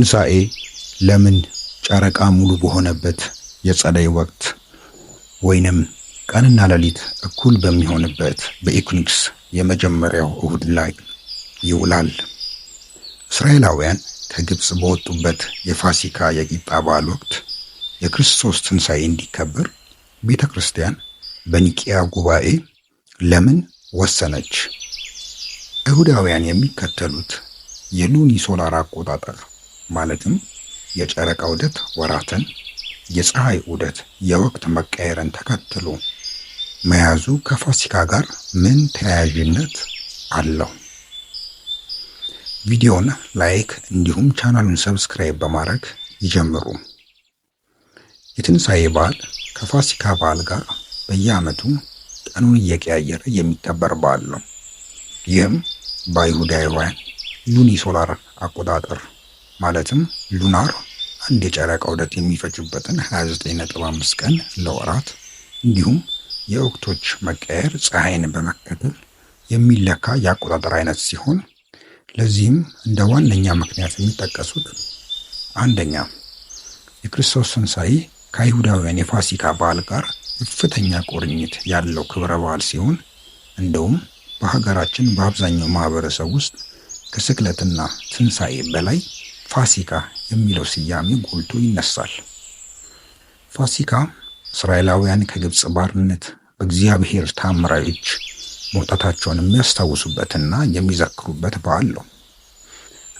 ትንሣኤ ለምን ጨረቃ ሙሉ በሆነበት የጸደይ ወቅት ወይንም ቀንና ሌሊት እኩል በሚሆንበት በኢኩኒክስ የመጀመሪያው እሁድ ላይ ይውላል? እስራኤላውያን ከግብፅ በወጡበት የፋሲካ የቂጣ በዓል ወቅት የክርስቶስ ትንሣኤ እንዲከበር ቤተ ክርስቲያን በኒቅያ ጉባኤ ለምን ወሰነች? አይሁዳውያን የሚከተሉት የሉኒ ሶላር አቆጣጠር ማለትም የጨረቃ ውደት ወራትን፣ የፀሐይ ውደት የወቅት መቀየርን ተከትሎ መያዙ ከፋሲካ ጋር ምን ተያያዥነት አለው? ቪዲዮን ላይክ እንዲሁም ቻናሉን ሰብስክራይብ በማድረግ ይጀምሩ። የትንሣኤ በዓል ከፋሲካ በዓል ጋር በየዓመቱ ቀኑን እየቀያየረ የሚከበር በዓል ነው። ይህም በአይሁዳውያን ሉኒሶላር አቆጣጠር ማለትም ሉናር አንድ የጨረቃ ዑደት የሚፈጁበትን 29.5 ቀን ለወራት እንዲሁም የወቅቶች መቀየር ፀሐይን በመከተል የሚለካ የአቆጣጠር አይነት ሲሆን ለዚህም እንደ ዋነኛ ምክንያት የሚጠቀሱት አንደኛ የክርስቶስ ትንሣኤ ከአይሁዳውያን የፋሲካ በዓል ጋር ከፍተኛ ቁርኝት ያለው ክብረ በዓል ሲሆን እንደውም በሀገራችን በአብዛኛው ማህበረሰብ ውስጥ ከስቅለትና ትንሣኤ በላይ ፋሲካ የሚለው ስያሜ ጎልቶ ይነሳል። ፋሲካ እስራኤላውያን ከግብፅ ባርነት በእግዚአብሔር ታምራዎች መውጣታቸውን የሚያስታውሱበትና የሚዘክሩበት በዓል ነው።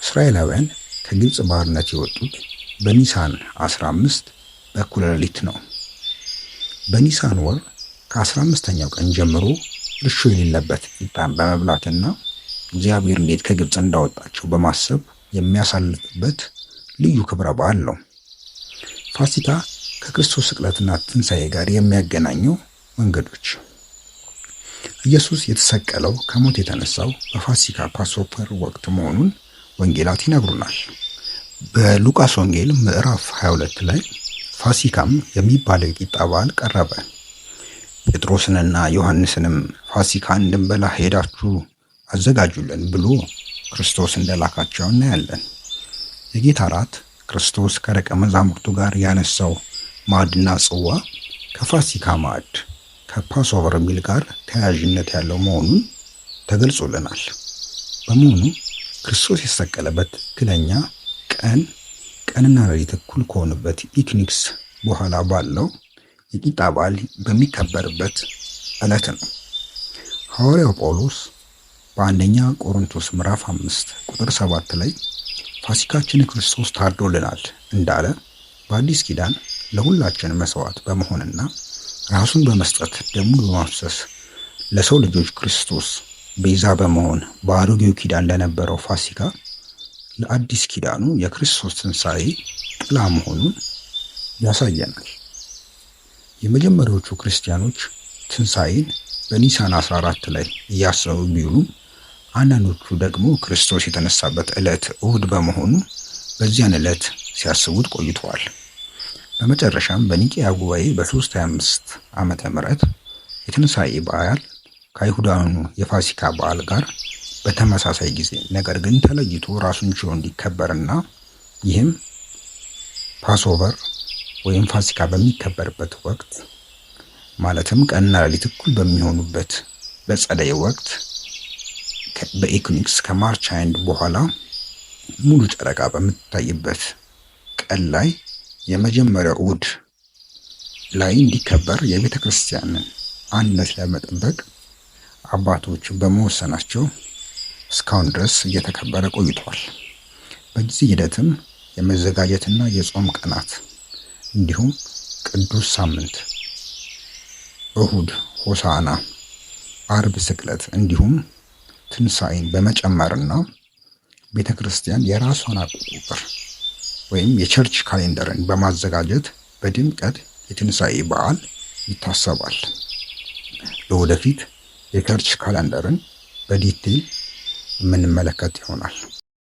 እስራኤላውያን ከግብፅ ባርነት የወጡት በኒሳን 15 በእኩለ ሌሊት ነው። በኒሳን ወር ከ15ኛው ቀን ጀምሮ እርሾ የሌለበት ቂጣን በመብላትና እግዚአብሔር እንዴት ከግብፅ እንዳወጣቸው በማሰብ የሚያሳልፍበት ልዩ ክብረ በዓል ነው። ፋሲካ ከክርስቶስ ስቅለትና ትንሣኤ ጋር የሚያገናኘው መንገዶች ኢየሱስ የተሰቀለው ከሞት የተነሳው በፋሲካ ፓስፖር ወቅት መሆኑን ወንጌላት ይነግሩናል። በሉቃስ ወንጌል ምዕራፍ 22 ላይ ፋሲካም የሚባለው የቂጣ በዓል ቀረበ። ጴጥሮስንና ዮሐንስንም ፋሲካን እንድንበላ ሄዳችሁ አዘጋጁልን ብሎ ክርስቶስ እንደላካቸው እናያለን። የጌታ እራት ክርስቶስ ከደቀ መዛሙርቱ ጋር ያነሳው ማዕድና ጽዋ ከፋሲካ ማዕድ ከፓስኦቨር ሚል ጋር ተያያዥነት ያለው መሆኑን ተገልጾልናል። በመሆኑ ክርስቶስ የተሰቀለበት ትክክለኛ ቀን ቀንና ሌሊት እኩል ከሆኑበት ኢክኒክስ በኋላ ባለው የቂጣ በዓል በሚከበርበት ዕለት ነው ሐዋርያው ጳውሎስ በአንደኛ ቆሮንቶስ ምዕራፍ አምስት ቁጥር ሰባት ላይ ፋሲካችን ክርስቶስ ታርዶልናል እንዳለ በአዲስ ኪዳን ለሁላችን መስዋዕት በመሆንና ራሱን በመስጠት ደሙን በማፍሰስ ለሰው ልጆች ክርስቶስ ቤዛ በመሆን በአሮጌው ኪዳን ለነበረው ፋሲካ ለአዲስ ኪዳኑ የክርስቶስ ትንሣኤ ጥላ መሆኑን ያሳየናል። የመጀመሪያዎቹ ክርስቲያኖች ትንሣኤን በኒሳን 14 ላይ እያሰቡ ቢውሉም አንዳንዶቹ ደግሞ ክርስቶስ የተነሳበት ዕለት እሁድ በመሆኑ በዚያን ዕለት ሲያስቡት ቆይተዋል። በመጨረሻም በኒቅያ ጉባኤ በ325 ዓመተ ምህረት የትንሣኤ በዓል ከአይሁዳውያኑ የፋሲካ በዓል ጋር በተመሳሳይ ጊዜ ነገር ግን ተለይቶ ራሱን ችሎ እንዲከበርና ይህም ፓስኦቨር ወይም ፋሲካ በሚከበርበት ወቅት ማለትም ቀንና ሌሊት እኩል በሚሆኑበት በጸደይ ወቅት በኢኩኖክስ ከማርች አንድ በኋላ ሙሉ ጨረቃ በምትታይበት ቀን ላይ የመጀመሪያው እሁድ ላይ እንዲከበር የቤተ ክርስቲያንን አንድነት ለመጠበቅ አባቶች በመወሰናቸው እስካሁን ድረስ እየተከበረ ቆይቷል። በጊዜ ሂደትም የመዘጋጀትና የጾም ቀናት እንዲሁም ቅዱስ ሳምንት፣ እሁድ ሆሳና አርብ ስቅለት እንዲሁም ትንሣኤን በመጨመርና ቤተ ክርስቲያን የራሷን አቁጥር ወይም የቸርች ካሌንደርን በማዘጋጀት በድምቀት የትንሣኤ በዓል ይታሰባል። ለወደፊት የቸርች ካሌንደርን በዲቴይል የምንመለከት ይሆናል።